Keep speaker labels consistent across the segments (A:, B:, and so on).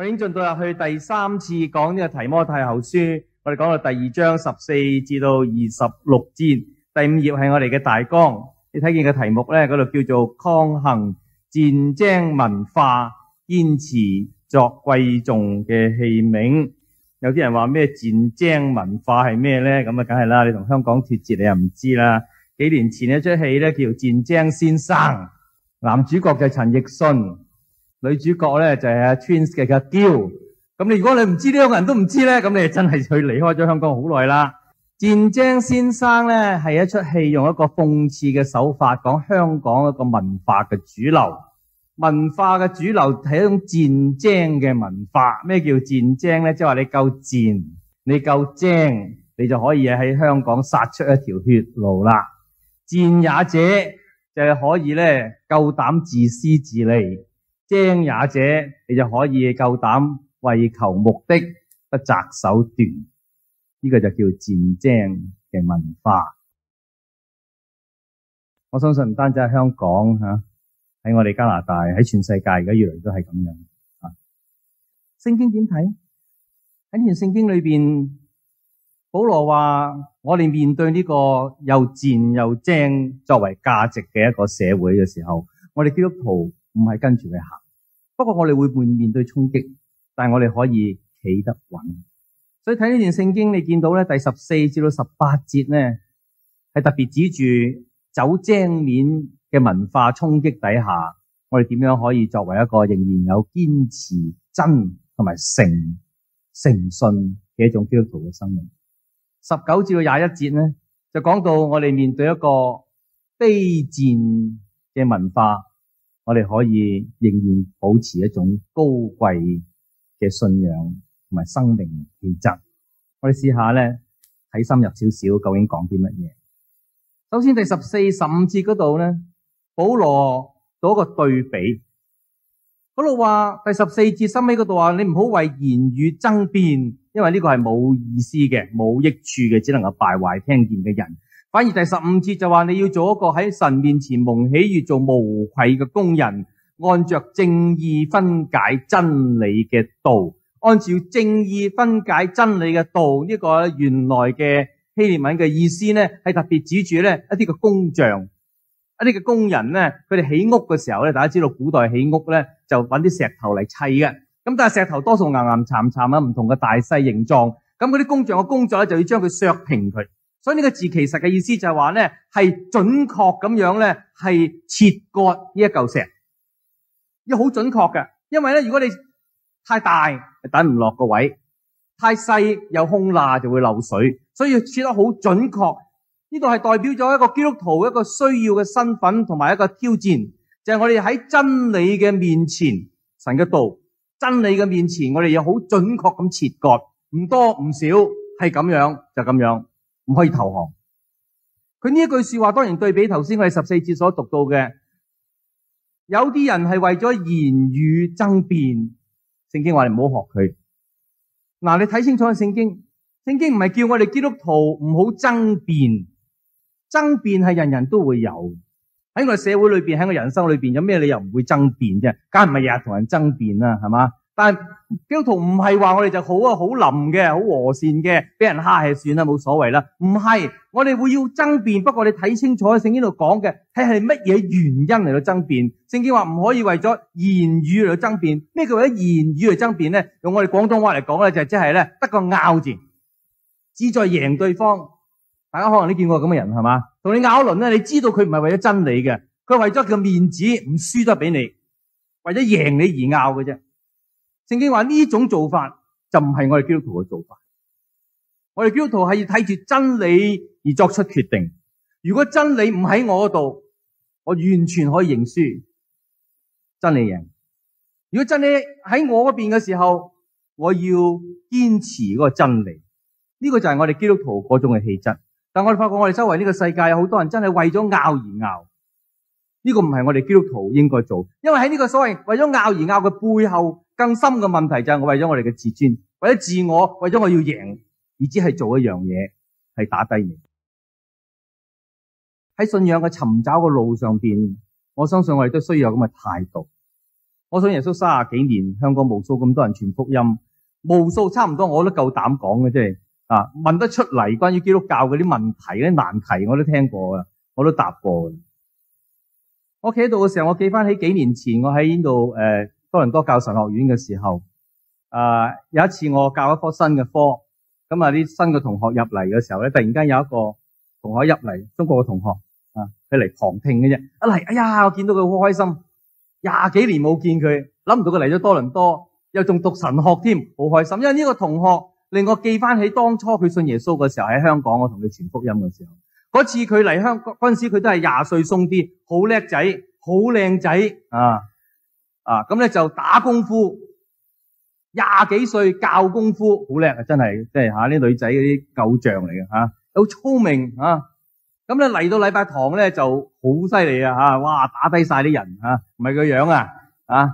A: 我已經進到入去第三次講呢個《提摩太後書》，我哋講到第二章十四至到二十六節，第五頁係我哋嘅大綱。你睇見嘅題目呢，嗰度叫做《抗衡賤精文化》，堅持作貴重嘅器皿。有啲人話咩賤精文化係咩呢？咁啊，梗係啦，你同香港脫節，你又唔知啦。幾年前一出戲呢，叫《賤精先生》，男主角就陳奕迅。女主角咧就係、是、阿 Twins 嘅個嬌。咁你如果你唔知呢兩個人都唔知咧，咁你就真係佢離開咗香港好耐啦。賤精先生咧係一出戲，用一個諷刺嘅手法講香港一個文化嘅主流，文化嘅主流係一種賤精嘅文化。咩叫賤精咧？即係話你夠賤，你夠精，你就可以喺香港殺出一條血路啦。賤也者就係可以咧夠膽自私自利，精也者，你就可以夠膽為求目的不擇手段，呢、這個就叫賤精嘅文化。我相信唔單止喺香港吓，喺我哋加拿大，喺全世界而家越嚟都係咁樣。聖經點睇？喺呢段聖經裏邊，保羅話：我哋面對呢個又賤又精作為價值嘅一個社會嘅時候，我哋基督徒唔係跟住佢行。不過我哋會會面對衝擊，但係我哋可以企得穩。所以睇呢段聖經你，你見到咧第十四至到十八節咧，係特別指住走精面嘅文化衝擊底下，我哋點樣可以作為一個仍然有堅持真同埋誠誠信嘅一種基督徒嘅生命。十九至到廿一節咧，就講到我哋面對一個卑賤嘅文化。我哋可以仍然保持一種高貴嘅信仰同埋生命氣質。我哋試下咧，喺深入少少，究竟講啲乜嘢？首先第十四十五節嗰度咧，保羅做一個對比，保羅話第十四節收尾嗰度話，你唔好為言語爭辯，因為呢個係冇意思嘅，冇益處嘅，只能夠敗壞聽見嘅人。反而第十五節就話你要做一個喺神面前蒙喜悅、做無愧嘅工人，按着正義分解真理嘅道，按照正義分解真理嘅道呢，這個原來嘅希臘文嘅意思咧，係特別指住咧一啲嘅工匠，一啲嘅工人咧，佢哋起屋嘅時候咧，大家知道古代起屋咧就揾啲石頭嚟砌嘅，咁但係石頭多數岩岩巉巉啊，唔同嘅大細形狀，咁嗰啲工匠嘅工作咧就要將佢削平佢。所以呢個字其實嘅意思就係話咧，係準確咁樣咧，係切割呢一嚿石，要好準確嘅。因為咧，如果你太大，等唔落個位；太細，有空罅就會漏水。所以要切得好準確。呢度係代表咗一個基督徒一個需要嘅身份，同埋一個挑戰，就係我哋喺真理嘅面前，神嘅道，真理嘅面前，我哋要好準確咁切割，唔多唔少，係咁樣就咁樣。唔可以投降。佢呢一句說話，當然對比頭先我哋十四節所讀到嘅，有啲人係為咗言語爭辯。聖經話你唔好學佢。嗱，你睇清楚個聖經，聖經唔係叫我哋基督徒唔好爭辯。爭辯係人人都會有，喺個社會裏邊，喺我人生裏邊，有咩理由唔會爭辯啫？梗係唔係日日同人爭辯啦，係嘛？但基督徒唔係話我哋就好啊，好腍嘅，好和善嘅，俾人蝦係算啦，冇所謂啦。唔係，我哋會要爭辯。不過你睇清楚喺聖經度講嘅，睇係乜嘢原因嚟到爭辯聖經話唔可以為咗言語嚟到爭辯。咩叫為咗言語嚟爭辯咧？用我哋廣東話嚟講咧，就即係咧得個拗字，志在贏對方。大家可能都見過咁嘅人係嘛？同你拗一輪咧，你知道佢唔係為咗真理嘅，佢為咗個面子唔輸得俾你，為咗贏你而拗嘅啫。聖經話呢種做法就唔係我哋基督徒嘅做法。我哋基督徒係要睇住真理而作出決定。如果真理唔喺我嗰度，我完全可以認輸，真理贏。如果真理喺我嗰邊嘅時候，我要堅持嗰個真理。呢個就係我哋基督徒嗰種嘅氣質。但係我哋發覺我哋周圍呢個世界有好多人真係為咗拗而拗。呢個唔係我哋基督徒應該做，因為喺呢個所謂為咗拗而拗嘅背後。更深嘅問題就係我為咗我哋嘅自尊，為咗自我，為咗我要贏，而只係做一樣嘢係打低你。喺信仰嘅尋找嘅路上邊，我相信我哋都需要有咁嘅態度。我信耶穌三十幾年，香港無數咁多人傳福音，無數差唔多我都夠膽講嘅，即係啊問得出嚟關於基督教嗰啲問題、啲難題我都聽過嘅，我都答過。我企喺度嘅時候，我記翻起幾年前我喺呢度誒。呃多倫多教神學院嘅時候，啊，有一次我教一科新嘅科，咁啊啲新嘅同學入嚟嘅時候咧，突然間有一個同學入嚟，中國嘅同學啊，佢嚟旁聽嘅啫，一、啊、嚟，哎呀，我見到佢好開心，廿幾年冇見佢，諗唔到佢嚟咗多倫多，又仲讀神學添，好開心，因為呢個同學令我記翻起當初佢信耶穌嘅時候喺香港，我同佢傳福音嘅時候，嗰次佢嚟香港嗰陣時佢都係廿歲鬆啲，好叻仔，好靚仔啊。啊，咁咧就打功夫，廿幾歲教功夫，好叻啊！真係，即係吓啲女仔嗰啲偶像嚟嘅吓，好聰明啊！咁咧嚟到禮拜堂咧就好犀利啊！吓，哇，打低晒啲人啊，唔係個樣啊，啊、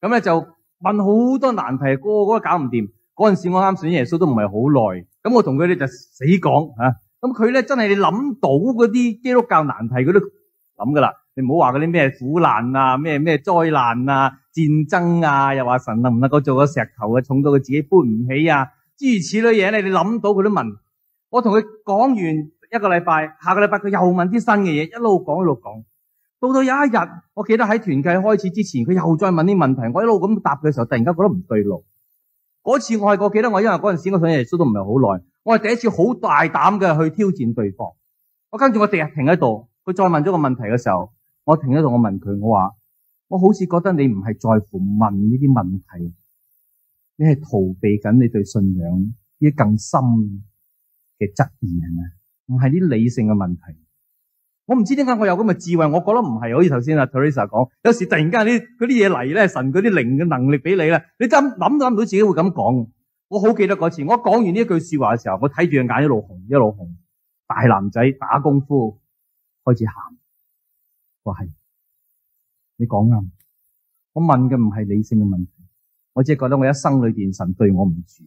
A: 咁、啊、咧、啊、就問好多難題，個個都搞唔掂。嗰陣時我啱信耶穌都唔係好耐，咁我同佢咧就死講吓，咁佢咧真係你諗到嗰啲基督教難題佢都諗噶啦。你唔好話嗰啲咩苦難啊，咩咩災難啊，戰爭啊，又話神能唔能夠做個石頭啊，重到佢自己搬唔起啊，諸如此類嘢咧，你諗到佢都問。我同佢講完一個禮拜，下個禮拜佢又問啲新嘅嘢，一路講一路講，到到有一日，我記得喺團契開始之前，佢又再問啲問題，我一路咁答佢嘅時候，突然間覺得唔對路。嗰次我係我記得我因為嗰陣時我信耶穌都唔係好耐，我係第一次好大膽嘅去挑戰對方。我跟住我第日停喺度，佢再問咗個問題嘅時候。我停喺度，我問佢，我話我好似覺得你唔係在乎問呢啲問題，你係逃避緊你對信仰啲更深嘅質疑係咪？唔係啲理性嘅問題。我唔知點解我有咁嘅智慧，我覺得唔係。好似頭先阿 Teresa 講，有時突然間啲啲嘢嚟咧，神佢啲靈嘅能力俾你咧，你真諗都諗唔到自己會咁講。我好記得嗰次，我講完呢一句說話嘅時候，我睇住佢眼一路紅一路紅，大男仔打功夫開始喊。我係你講啱，我問嘅唔係理性嘅問題，我只係覺得我一生裏邊神對我唔住，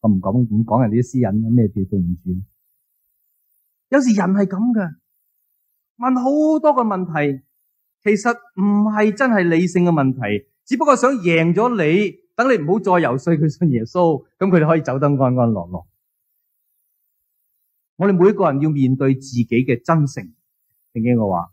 A: 我唔敢咁講人哋啲私隱，咩叫對唔住？有時人係咁嘅，問好多嘅問題，其實唔係真係理性嘅問題，只不過想贏咗你，等你唔好再遊說佢信耶穌，咁佢哋可以走得安安樂樂。我哋每一個人要面對自己嘅真誠，聖經嘅話。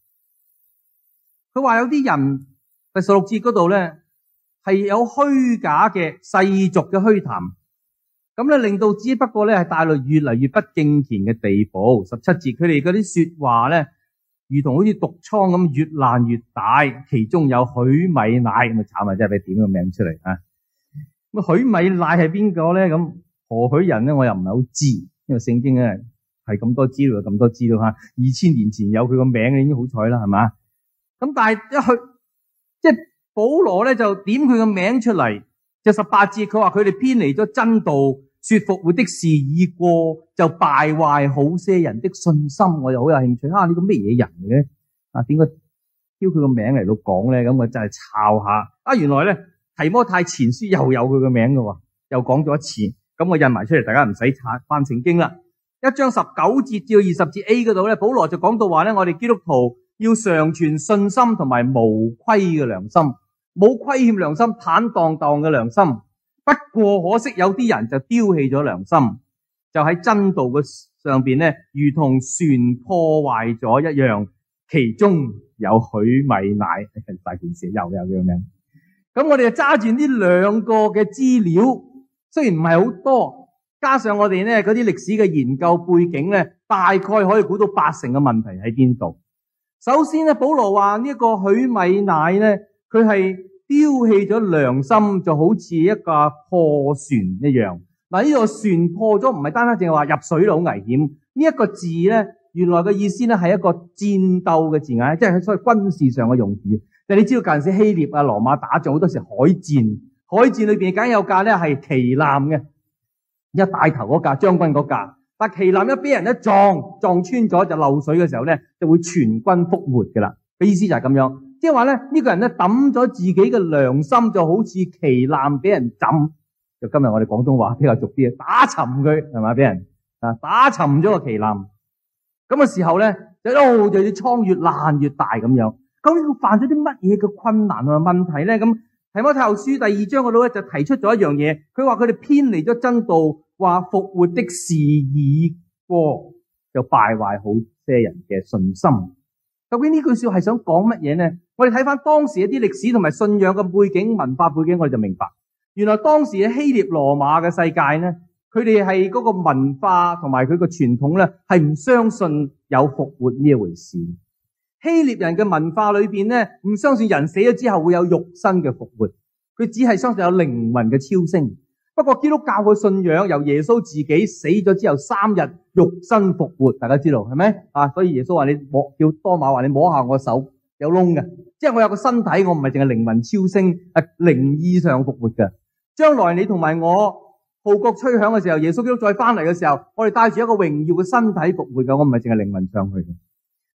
A: 佢話有啲人第十六節嗰度咧，係有虛假嘅世俗嘅虛談，咁咧令到只不過咧，係帶嚟越嚟越不敬虔嘅地步。十七節佢哋嗰啲說話咧，如同好似毒瘡咁，越爛越大。其中有許米乃咁，啊慘啊，即係俾點個名出嚟啊！咁許米乃係邊個咧？咁何許人咧？我又唔係好知，因為聖經啊係咁多資料咁多資料吓，二千年前有佢個名已經好彩啦，係嘛？咁但係一去，即係保羅咧就點佢個名出嚟？就十八節佢話佢哋偏離咗真道，說復活的事已過，就敗壞好些人的信心。我就好有興趣，吓、啊、呢個咩嘢人嘅？啊，點解叫佢個名嚟到講咧？咁我真係查下。啊，原來咧提摩太前書又有佢個名嘅，又講咗一次。咁我印埋出嚟，大家唔使查翻聖經啦。一章十九節至二十節 A 嗰度咧，保羅就講到話咧，我哋基督徒。要常存信心同埋無虧嘅良心，冇虧欠良心、坦蕩蕩嘅良心。不過可惜有啲人就丟棄咗良心，就喺真道嘅上面咧，如同船破壞咗一樣。其中有許米奶 大件事又有樣樣咁， 我哋就揸住呢兩個嘅資料，雖然唔係好多，加上我哋咧嗰啲歷史嘅研究背景咧，大概可以估到八成嘅問題喺邊度。首先咧，保羅話呢一個許米乃咧，佢係丟棄咗良心，就好似一架破船一樣。嗱，呢個船破咗，唔係單單淨係話入水就好危險。呢、這、一個字咧，原來嘅意思咧係一個戰鬥嘅字眼，即係所謂軍事上嘅用語。但係你知道，近時希臘啊、羅馬打仗好多時海戰，海戰裏邊梗有架咧係旗艦嘅，一大頭嗰架將軍嗰架。但係旗艦一俾人一撞撞穿咗就漏水嘅時候咧，就會全軍覆沒嘅啦。嘅意思就係咁樣，即係話咧，呢個人咧抌咗自己嘅良心，就好似旗艦俾人浸，就今日我哋廣東話比較俗啲啊，打沉佢係咪？俾人啊打沉咗個旗艦，咁嘅時候咧，就一路就要艙越爛越大咁樣。咁呢個犯咗啲乜嘢嘅困難啊問題咧咁？《提摩太後書》第二章個老一就提出咗一樣嘢，佢話佢哋偏離咗真道，話復活的事已過，就敗壞好些人嘅信心。究竟呢句說話係想講乜嘢呢？我哋睇翻當時一啲歷史同埋信仰嘅背景、文化背景，我哋就明白，原來當時嘅希臘羅馬嘅世界呢，佢哋係嗰個文化同埋佢個傳統咧，係唔相信有復活呢一回事。希臘人嘅文化裏邊呢，唔相信人死咗之後會有肉身嘅復活，佢只係相信有靈魂嘅超升。不過基督教嘅信仰由耶穌自己死咗之後三日肉身復活，大家知道係咪啊？所以耶穌話你，你摸叫多馬話你摸下我手有窿嘅，即係我有個身體，我唔係淨係靈魂超升，誒靈意上復活嘅。將來你同埋我號角吹響嘅時候，耶穌基督再翻嚟嘅時候，我哋帶住一個榮耀嘅身體復活嘅，我唔係淨係靈魂上去嘅。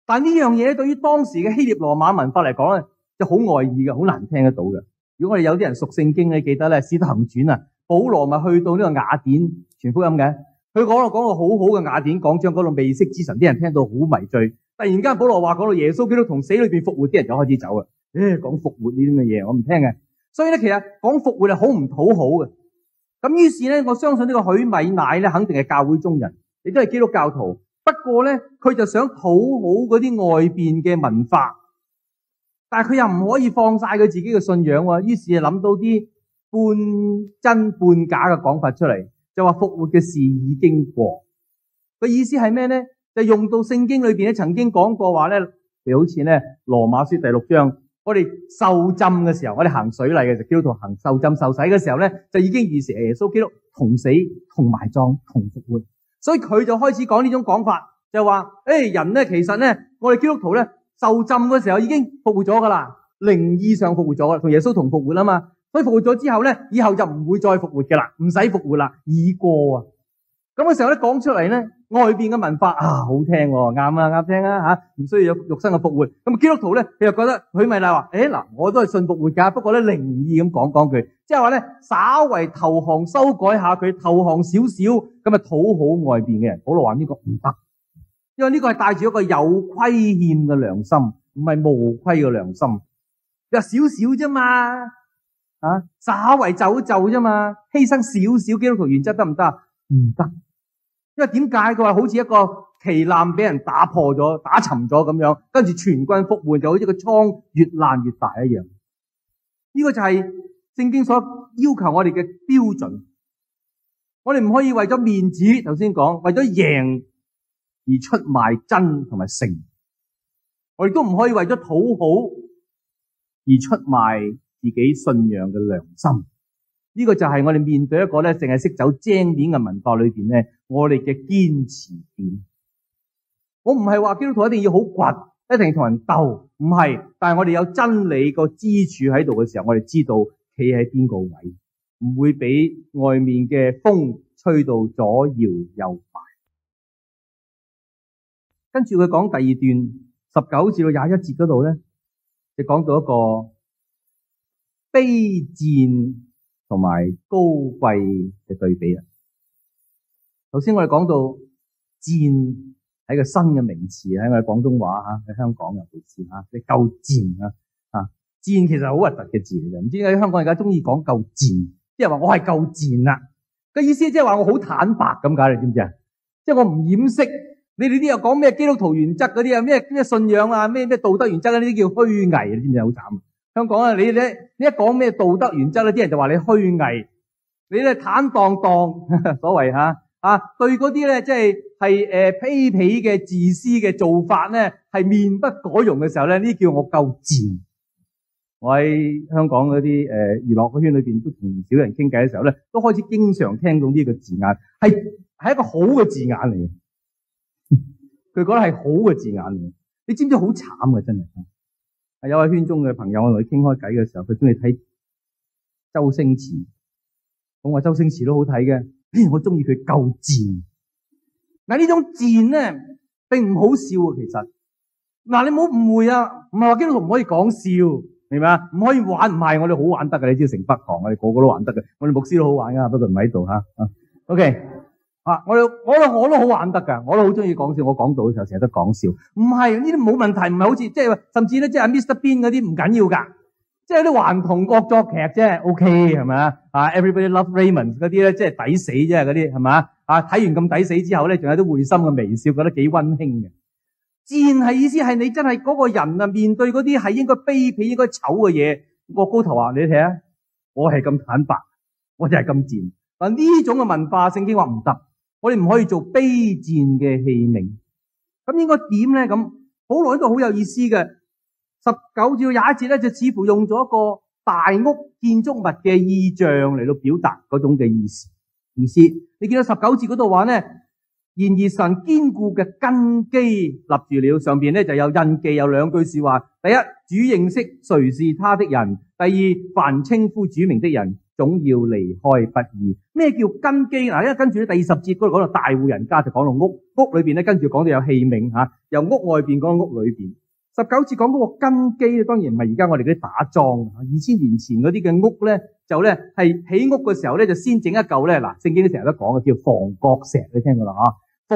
A: 但呢樣嘢對於當時嘅希臘羅馬文化嚟講咧，就好外意嘅，好難聽得到嘅。如果我哋有啲人熟聖經，你記得咧，使徒行傳啊，保羅咪去到呢個雅典傳福音嘅，佢講到講個好好嘅雅典，講將嗰度未識之神啲人聽到好迷醉，突然間保羅話講到耶穌基督同死裏邊復活，啲人就開始走啊！唉，講復活呢啲咁嘅嘢，我唔聽嘅。所以咧，其實講復活係好唔討好嘅。咁於是咧，我相信呢個許米乃咧，肯定係教會中人，亦都係基督教徒。不過咧，佢就想討好嗰啲外邊嘅文化，但係佢又唔可以放晒佢自己嘅信仰喎，於是諗到啲半真半假嘅講法出嚟，就話復活嘅事已經過。個意思係咩咧？就是，用到聖經裏邊咧，曾經講過話咧，就好似咧，羅馬書第六章，我哋受浸嘅時候，我哋行水禮嘅就叫做行受浸受洗嘅時候咧，就已經預示耶穌基督同死同埋葬同復活。所以佢就開始講呢種講法，就話：誒，人呢其實呢，我哋基督徒呢受浸嘅時候已經復活咗㗎喇，靈意上復活咗，同耶穌同復活喇嘛。所以復活咗之後呢，以後就唔會再復活㗎喇，唔使復活啦，已過啊。咁嘅時候呢講出嚟呢。外邊嘅文化啊，好聽喎，啱啦，啱聽啊吓，唔需要有肉身嘅復活。咁基督徒咧，佢又覺得佢咪就話，誒嗱，我都係信復活噶，不過咧靈意咁講講句，即係話咧稍為投降修改下佢，投降少少，咁啊討好外邊嘅人，好啦，話呢個唔得，因為呢個係帶住一個有虧欠嘅良心，唔係無虧嘅良心。有少少啫嘛，啊，稍為就一就啫嘛，犧牲少少基督徒原則得唔得？唔得。因為點解佢話好似一個旗艦俾人打破咗、打沉咗咁樣，跟住全軍覆沒，就好似個瘡越爛越大一樣。呢個就係聖經所要求我哋嘅標準。我哋唔可以為咗面子，頭先講為咗贏而出賣真同埋誠，我亦都唔可以為咗討好而出賣自己信仰嘅良心。呢個就係我哋面對一個咧，淨係識走精面嘅文化裏邊咧，我哋嘅堅持點？我唔係話基督徒一定要好倔，一定要同人鬥，唔係。但係我哋有真理個支柱喺度嘅時候，我哋知道企喺邊個位，唔會俾外面嘅風吹到左搖右擺。跟住佢講第二段十九至到廿一節嗰度咧，就講到一個卑賤。同埋高貴嘅對比啊！頭先我哋講到賤係一個新嘅名詞，喺我哋廣東話嚇，喺香港尤其賤嚇，你夠賤啊！啊，賤其實好核突嘅字嚟嘅，唔知點解香港而家中意講夠賤，即係話我係夠賤啦，嘅意思即係話我好坦白咁解，你知唔知啊？即係我唔掩飾，你哋啲又講咩基督徒原則嗰啲啊，咩咩信仰啊，咩咩道德原則咧，呢啲叫虛偽，你知唔知啊？好慘。香港啊，你咧，你一講咩道德原則咧，啲人就話你虛偽，你咧坦蕩蕩，呵呵所謂吓啊，啊，對嗰啲咧，即係係誒卑鄙嘅自私嘅做法咧，係面不改容嘅時候咧，呢叫我夠賤。我喺香港嗰啲誒娛樂圈裏邊都同唔少人傾偈嘅時候咧，都開始經常聽到呢個字眼，係係一個好嘅字眼嚟。佢覺得係好嘅字眼，嚟， 你知唔知好慘啊真係。有位圈中嘅朋友，我同佢傾開偈嘅時候，佢中意睇周星馳。咁我話周星馳都好睇嘅，我中意佢夠賤。嗱呢種賤呢，並唔好笑啊，其實嗱你唔好誤會啊，唔係話基督徒唔可以講笑，明唔明？唔可以玩，唔係我哋好玩得嘅，你知成北行，我哋個個都玩得嘅，我哋牧師都好玩噶，不過唔喺度吓啊。OK。啊！我我我我都好玩得噶，我都好中意講笑。我講到嘅時候成日都講笑，唔係呢啲冇問題，唔係好似即係甚至咧，即係 Mr. Bean 嗰啲唔緊要噶，即係啲頑童惡作劇啫。O K 係咪啊？啊，Everybody Love Raymond 嗰啲咧，即係抵死啫，嗰啲係咪？啊，睇完咁抵死之後咧，仲有啲會心嘅微笑，覺得幾溫馨嘅。賤係意思係你真係嗰個人啊，面對嗰啲係應該卑鄙、應該醜嘅嘢，擱高頭啊！你睇啊，我係咁坦白，我就係咁賤。但呢種嘅文化，聖經話唔得。我哋唔可以做卑賤嘅器皿，咁應該點咧？咁好耐都好有意思嘅。十九至廿一節咧，就似乎用咗一個大屋建築物嘅意象嚟到表達嗰種嘅意思。意思你見到十九節嗰度話咧，然而神堅固嘅根基立住了，上面咧就有印記，有兩句說話：第一，主認識誰是他的人；第二，凡稱呼主名的人，總要離開不義。咩叫根基？嗱，因為跟住咧，第二十節佢講到大戶人家就講到屋，屋裏邊咧，跟住講到有器皿嚇，由屋外邊講到屋裏邊。十九節講嗰個根基咧，當然唔係而家我哋嗰啲打樁啊。二千年前嗰啲嘅屋咧，就咧係起屋嘅時候咧，就先整一嚿咧嗱。聖經都成日都講嘅，叫房角石，你聽過啦嚇。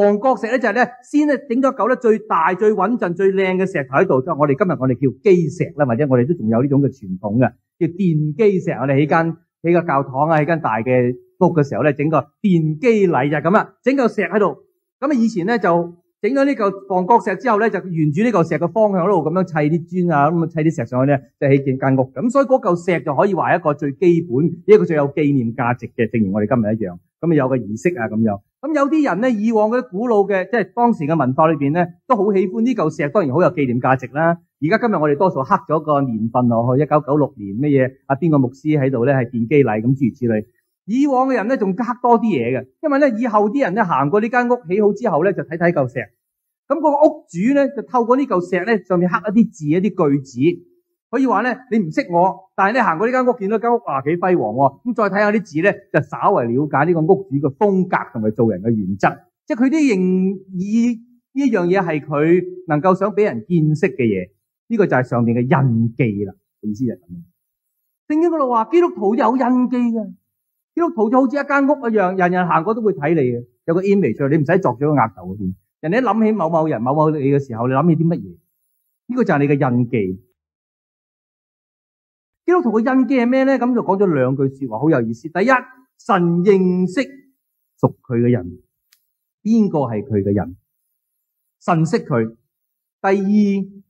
A: 房角石咧就係咧先咧整咗一嚿咧最大、最穩陣、最靚嘅石頭喺度，即係我哋今日我哋叫基石啦，或者我哋都仲有呢種嘅傳統嘅，叫奠基石，我哋起間。喺個教堂啊，喺間大嘅屋嘅時候呢，整個奠基禮就咁啦，整嚿石喺度。咁啊，以前呢，就。整咗呢嚿房角石之後咧，就沿住呢嚿石嘅方向嗰度咁樣砌啲磚啊，咁啊砌啲石上去咧，即係起建間屋。咁所以嗰嚿石就可以話一個最基本，一個最有紀念價值嘅。正如我哋今日一樣，咁啊有個儀式啊咁樣。咁有啲人咧，以往嗰啲古老嘅，即係當時嘅文化裏邊咧，都好喜歡呢嚿石，當然好有紀念價值啦。而家今日我哋多數刻咗個年份落去，一九九六年乜嘢？阿邊個牧師喺度咧，係奠基禮咁諸如此類。以往嘅人咧，仲刻多啲嘢嘅，因為咧以後啲人咧行過呢間屋起好之後咧，就睇睇嚿石。咁嗰個屋主咧，就透過呢嚿石咧，上面刻一啲字、一啲句子，可以話咧，你唔識我，但係你行過呢間屋，見到間屋啊，幾輝煌喎、啊！咁再睇下啲字咧，就稍為了解呢個屋主嘅風格同埋做人嘅原則，即係佢啲認以呢樣嘢係佢能夠想俾人見識嘅嘢。呢、這個就係上面嘅印記啦。意思就係咁。聖經嗰度話基督徒有印記嘅，基督徒就好似一間屋一樣，人人行過都會睇你嘅，有個 image 你唔使作咗個額頭。人哋一諗起某某人某某你嘅時候，你諗起啲乜嘢？呢個就係你嘅印記。基督徒嘅印記係咩咧？咁就講咗兩句說話，好有意思。第一，神認識屬佢嘅人，邊個係佢嘅人，神識佢。第二，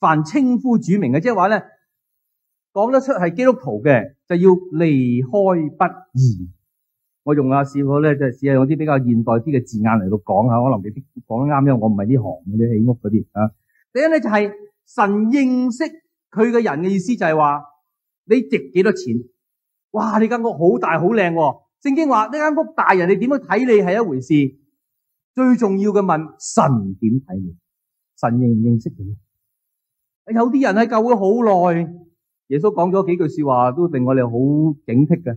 A: 凡稱呼主名嘅，即係話咧，講得出係基督徒嘅，就要離開不義。我用啊試過咧，就係試下用啲比較現代啲嘅字眼嚟到講下，可能未必講得啱，因為我唔係啲行嗰啲起屋嗰啲啊。第一咧就係神認識佢嘅人嘅意思就，就係話你值幾多錢？哇！你間屋好大好靚。聖經話呢間屋大人，人哋點樣睇你係一回事，最重要嘅問神點睇你？神認唔認識你？有啲人喺教會好耐，耶穌講咗幾句說話，都令我哋好警惕嘅。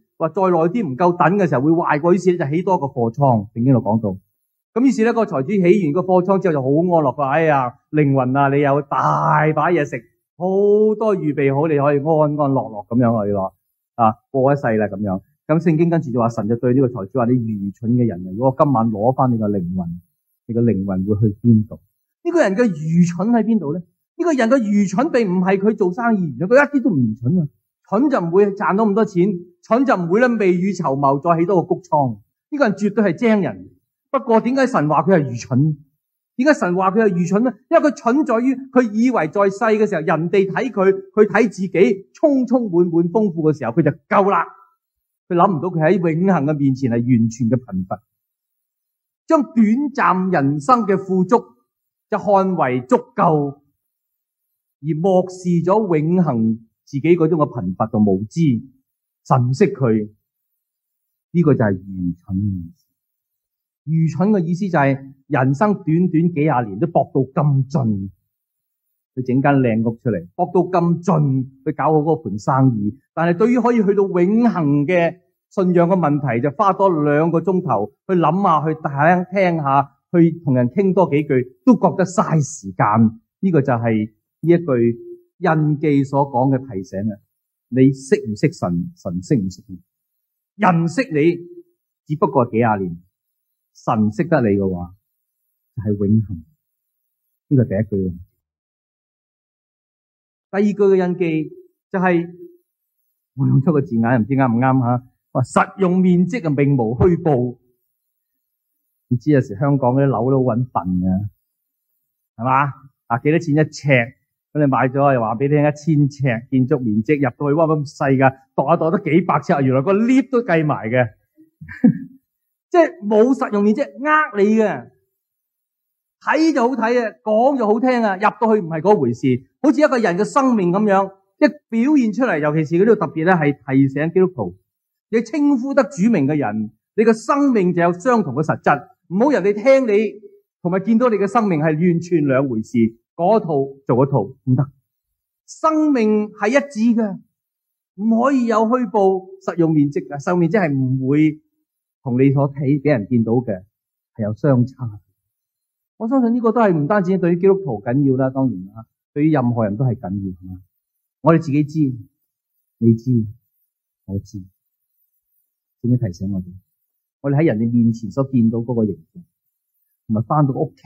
A: 話再耐啲唔夠等嘅時候會壞過，於是就起多個貨倉。聖經度講到，咁於是咧，個財主起完個貨倉之後就好安樂。哎呀，靈魂啊，你有大把嘢食，好多預備好，你可以安安樂樂咁樣去咯，啊，過一世啦咁樣。咁聖經跟住就話，神就對呢個財主話，你愚蠢嘅人，如果今晚攞翻你個靈魂，你個靈魂會去邊度？呢個人嘅愚蠢喺邊度咧？呢個人嘅愚蠢並唔係佢做生意，佢一啲都唔愚蠢啊，蠢就唔會賺到咁多錢。蠢就唔會啦，未雨綢繆再起多個谷倉，呢個人絕對係精人。不過點解神話佢係愚蠢？點解神話佢係愚蠢呢？因為佢蠢在於佢以為在世嘅時候，人哋睇佢，佢睇自己，充充滿滿豐富嘅時候，佢就夠啦。佢諗唔到佢喺永恆嘅面前係完全嘅貧乏，將短暫人生嘅富足就看為足夠，而漠視咗永恆自己嗰種嘅貧乏同無知。神識佢呢個就係愚蠢。愚蠢嘅意思就係、是、人生短短幾廿年都，都搏到咁盡佢整間靚屋出嚟，搏到咁盡去搞好嗰盤生意。但係對於可以去到永恆嘅信仰嘅問題，就花多兩個鐘頭去諗下，去聽聽下，去同人傾多幾句，都覺得嘥時間。呢、這個就係呢一句印記所講嘅提醒啊！你識唔識神？神識唔識你？人識你只不過幾廿年，神識得你嘅話就係、是、永恒。呢個第一句。第二句嘅印記就係、是、我用出個字眼，唔知啱唔啱吓。話實用面積啊，並無虛報。你知有時香港啲樓都好揾笨嘅，係嘛？啊，幾多錢一尺？咁你買咗又話俾你聽一千尺建築面積，入到去哇，咁細噶，度一度得幾百尺，原來個 lift 都計埋嘅， 即係冇實用面積，呃你嘅睇就好睇啊，講就好聽啊，入到去唔係嗰回事，好似一個人嘅生命咁樣，一表現出嚟，尤其是嗰啲特別咧，係提醒基督徒，你稱呼得主名嘅人，你嘅生命就有相同嘅實質，唔好人哋聽你同埋見到你嘅生命係完全兩回事。嗰套做一套唔得，生命係一致嘅，唔可以有虛報實用面積嘅，實用面積係唔會同你所睇俾人見到嘅係有相差。我相信呢個都係唔單止對於基督徒緊要啦，當然啦，對於任何人都係緊要。我哋自己知，你知，我知，點樣提醒我哋？我哋喺人哋面前所見到嗰個形象。同埋翻到屋企，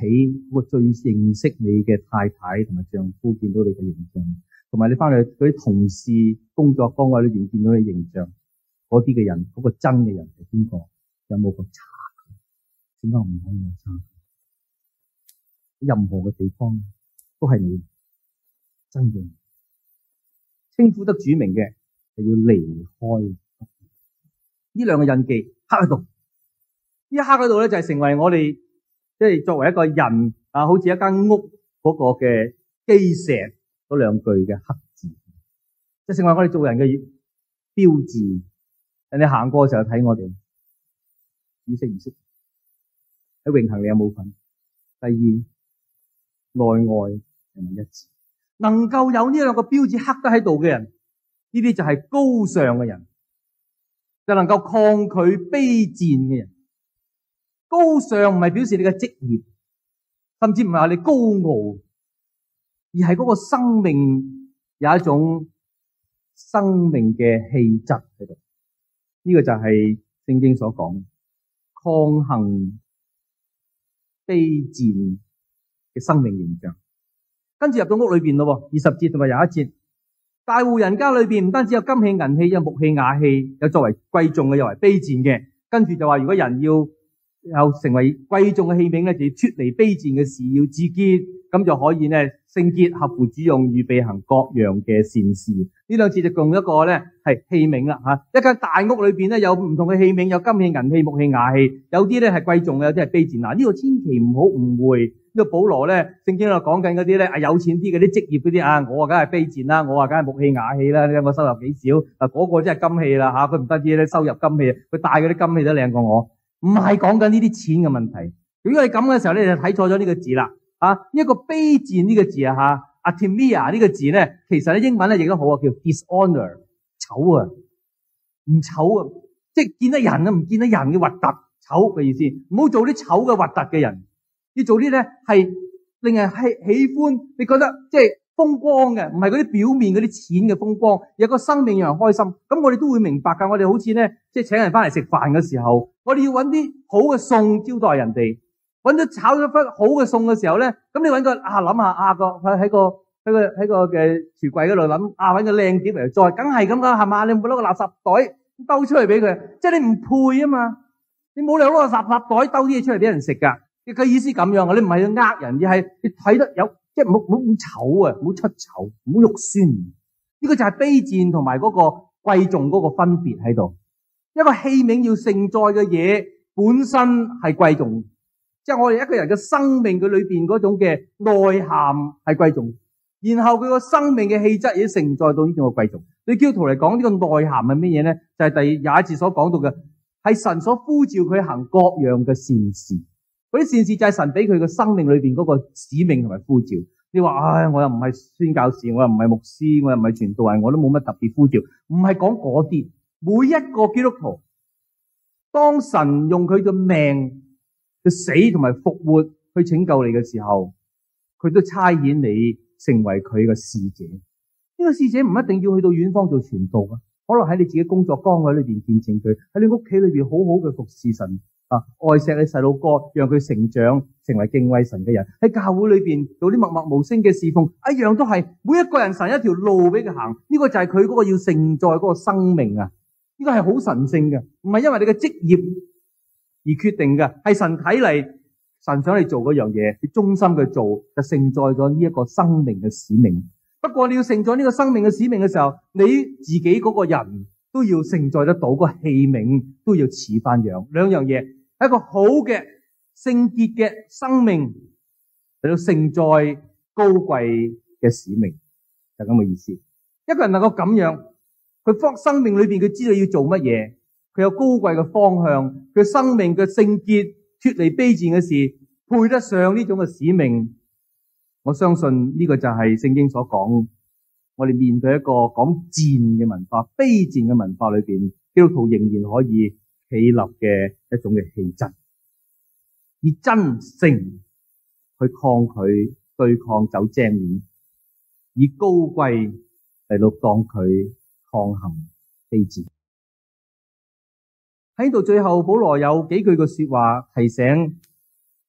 A: 嗰個最認識你嘅太太同埋丈夫，見到你嘅形象，同埋你翻去嗰啲同事工作崗位裏邊見到你形象，嗰啲嘅人，嗰、嗰個真嘅人係邊個？有冇咁差？點解唔肯有差？任何嘅地方都係你真嘅人。稱呼得主名嘅，就要離開呢兩個印記，刻喺度。呢刻喺度咧，就係成為我哋。即係作為一個人啊，好似一間屋嗰個嘅基石，嗰兩句嘅黑字，即係成為我哋做人嘅標誌。人哋行過嘅時候睇我哋，認識唔識？喺永恒，你有冇份？第二，內外人民一致，能夠有呢兩個標誌刻得喺度嘅人，呢啲就係高尚嘅人，就能夠抗拒卑賤嘅人。高尚唔係表示你嘅職業，甚至唔係話你高傲，而係嗰個生命有一種生命嘅氣質喺度。呢個就係聖經所講抗衡卑賤嘅生命形象。跟住入到屋裏邊咯，二十節同埋有一節，大戶人家裏邊唔單止有金器銀器，有木器瓦器，有作為貴重嘅，又為卑賤嘅。跟住就話如果人要。又成為貴重嘅器皿呢就要脫離卑賤嘅事要自潔，咁就可以呢，聖潔合乎主用，預備行各樣嘅善事。呢兩次就用一個呢係器皿啦、啊、一間大屋裏邊呢，有唔同嘅器皿，有金器、銀器、木器、瓦器，有啲呢係貴重嘅，有啲係卑賤嗱。呢、這個千祈唔好誤會，因、這、為、個、保羅呢，聖經啊講緊嗰啲咧有錢啲嗰啲職業嗰啲、那個、啊，我啊梗係卑賤啦，我啊梗係木器瓦器啦，你為我收入幾少啊嗰個真係金器啦吓，佢唔單止收入金器，佢戴嗰啲金器都靚過我。唔係講緊呢啲錢嘅問題。如果係咁嘅時候咧，你就睇錯咗呢個字啦啊！一個卑賤呢個字啊，嚇阿 Timmy 啊呢個字咧，其實咧英文咧亦都好啊，叫 dishonor，醜啊，唔醜啊，即係見得人啊，唔見得人嘅核突醜嘅意思。唔好做啲醜嘅核突嘅人，要做啲咧係令人係喜歡，你覺得即係風光嘅，唔係嗰啲表面嗰啲錢嘅風光，有個生命讓人開心。咁我哋都會明白㗎。我哋好似咧即係請人翻嚟食飯嘅時候。我哋要揾啲好嘅餸招待人哋，揾咗炒咗份好嘅餸嘅時候咧，咁你揾個啊諗下啊個喺喺個喺個喺個嘅櫥櫃嗰度諗啊揾個靚碟嚟再，梗係咁噶係嘛？你唔好攞個垃圾袋兜出嚟俾佢，即係你唔配啊嘛！你冇理由攞個垃圾袋兜啲嘢出嚟俾人食噶。佢意思咁樣噶，你唔係要呃人，而係你睇得有，即係唔好唔好咁醜啊，唔好出醜，唔好肉酸。呢個就係卑賤同埋嗰個貴重嗰個分別喺度。一個器皿要承載嘅嘢本身係貴重，即係我哋一個人嘅生命嘅裏邊嗰種嘅內涵係貴重，然後佢個生命嘅氣質亦都承載到呢種嘅貴重。對基督徒嚟講，呢個內涵係乜嘢咧？就係、是、第廿一節所講到嘅，係神所呼召佢行各樣嘅善事，嗰啲善事就係神俾佢嘅生命裏邊嗰個使命同埋呼召。你話唉、哎，我又唔係宣教士，我又唔係牧師，我又唔係傳道人，我都冇乜特別呼召，唔係講嗰啲。每一個基督徒，當神用佢嘅命嘅死同埋復活去拯救你嘅時候，佢都差遣你成為佢嘅使者。呢個使者唔一定要去到遠方做傳道啊，可能喺你自己工作崗位裏邊見證佢，喺你屋企裏邊好好嘅服侍神啊，愛錫你細路哥，讓佢成長成為敬畏神嘅人。喺教會裏邊做啲默默無聲嘅侍奉，一樣都係每一個人神一條路俾佢行。呢個就係佢嗰個要勝在嗰個生命啊！呢個係好神聖嘅，唔係因為你嘅職業而決定嘅，係神睇嚟，神想你做嗰樣嘢，你忠心去做就承載咗呢一個生命嘅使命。不過你要承載呢個生命嘅使命嘅時候，你自己嗰個人都要承載得到個器皿，都要似翻樣。兩樣嘢係，一個好嘅聖潔嘅生命嚟到承載高貴嘅使命，就咁嘅意思。一個人能夠咁樣。佢方生命裏邊，佢知道要做乜嘢，佢有高貴嘅方向，佢生命嘅聖潔脫離卑賤嘅事，配得上呢種嘅使命。我相信呢個就係聖經所講，我哋面對一個賤精嘅文化，卑賤嘅文化裏邊，基督徒仍然可以企立嘅一種嘅氣質，以真誠去抗拒對抗走正面，以高貴嚟到當佢。抗衡非治喺度。最後保羅有幾句嘅說話提醒，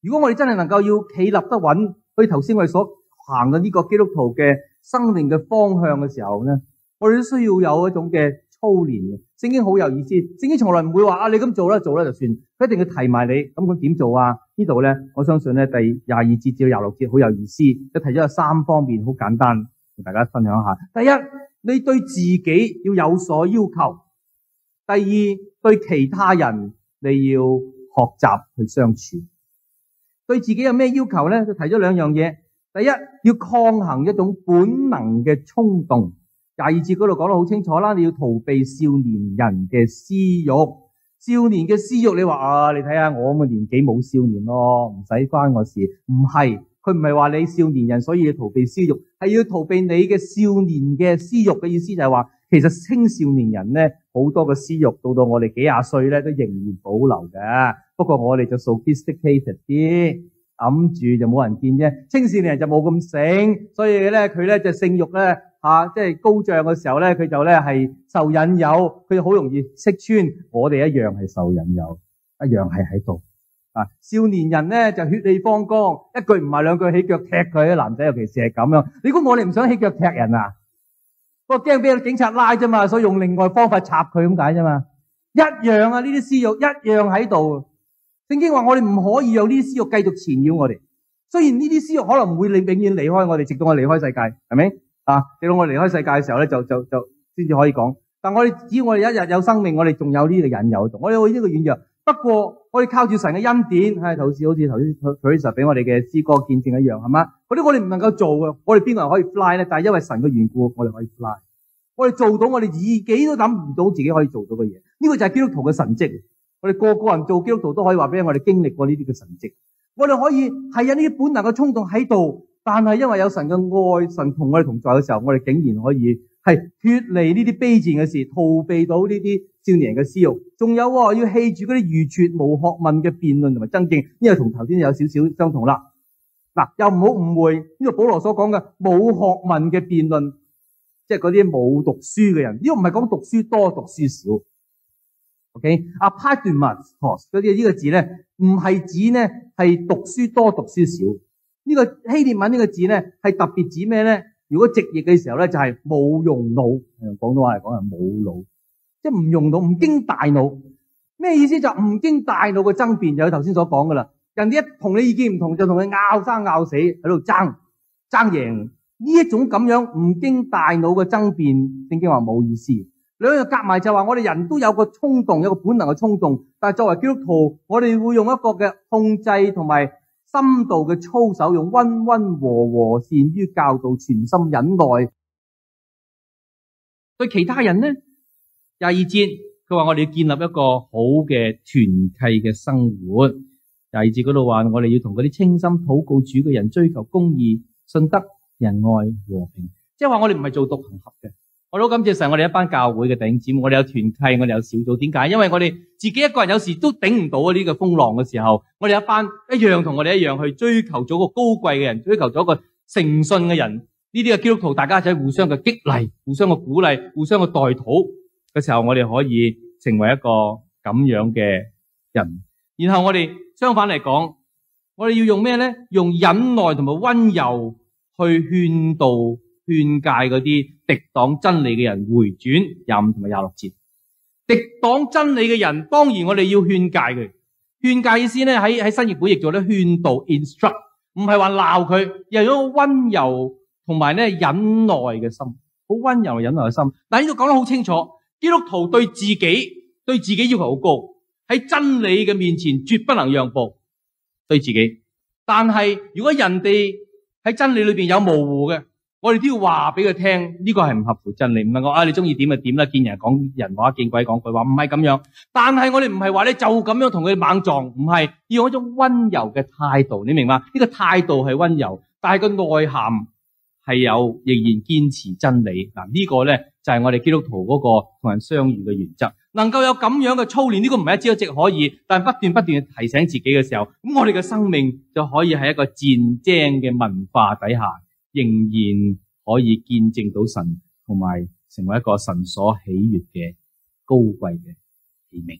A: 如果我哋真係能夠要企立得穩，去頭先我哋所行嘅呢個基督徒嘅生命嘅方向嘅時候咧，我哋都需要有一種嘅操練嘅。聖經好有意思，聖經從來唔會話啊，你咁做啦，做啦就算，佢一定要提埋你咁樣點做啊？呢度咧，我相信咧，第廿二節至到廿六節好有意思，提一提咗有三方面，好簡單同大家分享一下。第一。你對自己要有所要求，第二對其他人你要學習去相處。對自己有咩要求咧？就提咗兩樣嘢。第一要抗衡一種本能嘅衝動，第二節嗰度講得好清楚啦。你要逃避少年人嘅私欲，少年嘅私欲，你話啊，你睇下我咁嘅年紀冇少年咯，唔使關我事，唔係。佢唔係話你少年人，所以要逃避私欲。係要逃避你嘅少年嘅私欲。嘅意思就係話，其實青少年人呢，好多個私欲到到我哋幾廿歲呢，都仍然保留嘅。不過我哋就 sophisticated 啲，揞住就冇人見啫。青少年人就冇咁醒，所以呢，佢呢就性欲呢，嚇、啊，即係高漲嘅時候呢，佢就呢係受引誘，佢就好容易識穿。我哋一樣係受引誘，一樣係喺度。啊、少年人咧就血氣方剛，一句唔係兩句起腳踢佢，啲男仔尤其是係咁樣。你估我哋唔想起腳踢人啊？我驚俾警察拉啫嘛，所以用另外方法插佢咁解啫嘛。一樣啊，呢啲私欲一樣喺度。聖經話我哋唔可以有呢啲私欲繼續纏繞我哋。雖然呢啲私欲可能唔會你永遠離開我哋，直到我離開世界，係咪啊？直到我離開世界嘅時候咧，就就就先至可以講。但我哋只要我哋一日有生命，我哋仲有呢個引誘，我有呢個軟弱。不過我哋靠住神嘅恩典，係頭先好似頭先 Priscilla 俾我哋嘅詩歌見證一樣，係嘛？嗰啲我哋唔能夠做嘅，我哋邊個人可以 fly 咧？但係因為神嘅緣故，我哋可以 fly。我哋做到我哋自己都諗唔到自己可以做到嘅嘢，呢個就係基督徒嘅神蹟。我哋個個人做基督徒都可以話俾我哋經歷過呢啲嘅神蹟。我哋可以係有呢啲本能嘅衝動喺度，但係因為有神嘅愛，神同我哋同在嘅時候，我哋竟然可以係脫離呢啲卑賤嘅事，逃避到呢啲。少年嘅私欲，仲有喎、哦，要棄住嗰啲愚拙冇學問嘅辯論同埋爭競，呢個同頭先有少少相同啦。嗱，又唔好誤會呢、這個保羅所講嘅冇學問嘅辯論，即係嗰啲冇讀書嘅人。呢個唔係講讀書多讀書少，OK？啊，partumous 嗰啲呢個字咧，唔係指咧係讀書多讀書少。呢、這個希臘文呢個字咧，係特別指咩咧？如果直譯嘅時候咧，就係、是、冇用腦。用廣東話嚟講啊，冇腦。即係唔用腦，唔經大腦，咩意思？就唔經大腦嘅爭辯，就係頭先所講噶啦。人哋一同你意見唔同，就同你拗生拗死喺度爭，爭贏呢一種咁樣唔經大腦嘅爭辯，聖經話冇意思。兩個人夾埋就話，我哋人都有個衝動，有個本能嘅衝動，但係作為基督徒，我哋會用一個嘅控制同埋深度嘅操守，用溫溫和和，善於教導，全心忍耐，對其他人呢？第二節佢話我哋要建立一個好嘅團契嘅生活。第二節嗰度話我哋要同嗰啲清心禱告主嘅人追求公義、信德、仁愛、和平，即係話我哋唔係做獨行俠嘅。我都感謝神，我哋一班教會嘅頂尖，我哋有團契，我哋有小組。點解？因為我哋自己一個人有時都頂唔到啊！呢個風浪嘅時候，我哋一班一樣同我哋一樣去追求咗個高貴嘅人，追求咗個誠信嘅人。呢啲嘅基督徒大家一齊互相嘅激勵，互相嘅鼓勵，互相嘅代禱。嘅時候，我哋可以成為一個咁樣嘅人。然後我哋相反嚟講，我哋要用咩呢？用忍耐同埋溫柔去勸導、勸戒嗰啲敵擋真理嘅人回轉。廿五同埋廿六節，敵擋真理嘅人，當然我哋要勸戒佢。勸戒意思呢喺喺新譯本譯做咧勸導 （instruct），唔係話鬧佢，又有一個溫柔同埋咧忍耐嘅心，好溫柔、忍耐嘅心。但係呢度講得好清楚。基督徒對自己對自己要求好高，喺真理嘅面前絕不能讓步。對自己，但係如果人哋喺真理裏邊有模糊嘅，我哋都要話俾佢聽，呢個係唔合乎真理。唔係我啊，你中意點就點啦，見人講人話，見鬼講鬼話，唔係咁樣。但係我哋唔係話你就咁樣同佢猛撞，唔係要用一種温柔嘅態度。你明嘛？呢個態度係温柔，但係個內涵係有仍然堅持真理。嗱、呢個、呢個咧。就係我哋基督徒嗰個同人相遇嘅原則，能夠有咁樣嘅操練，呢、這個唔係一朝一夕可以，但係不斷不斷提醒自己嘅時候，咁我哋嘅生命就可以喺一個賤精嘅文化底下，仍然可以見證到神，同埋成為一個神所喜悅嘅高貴嘅器皿。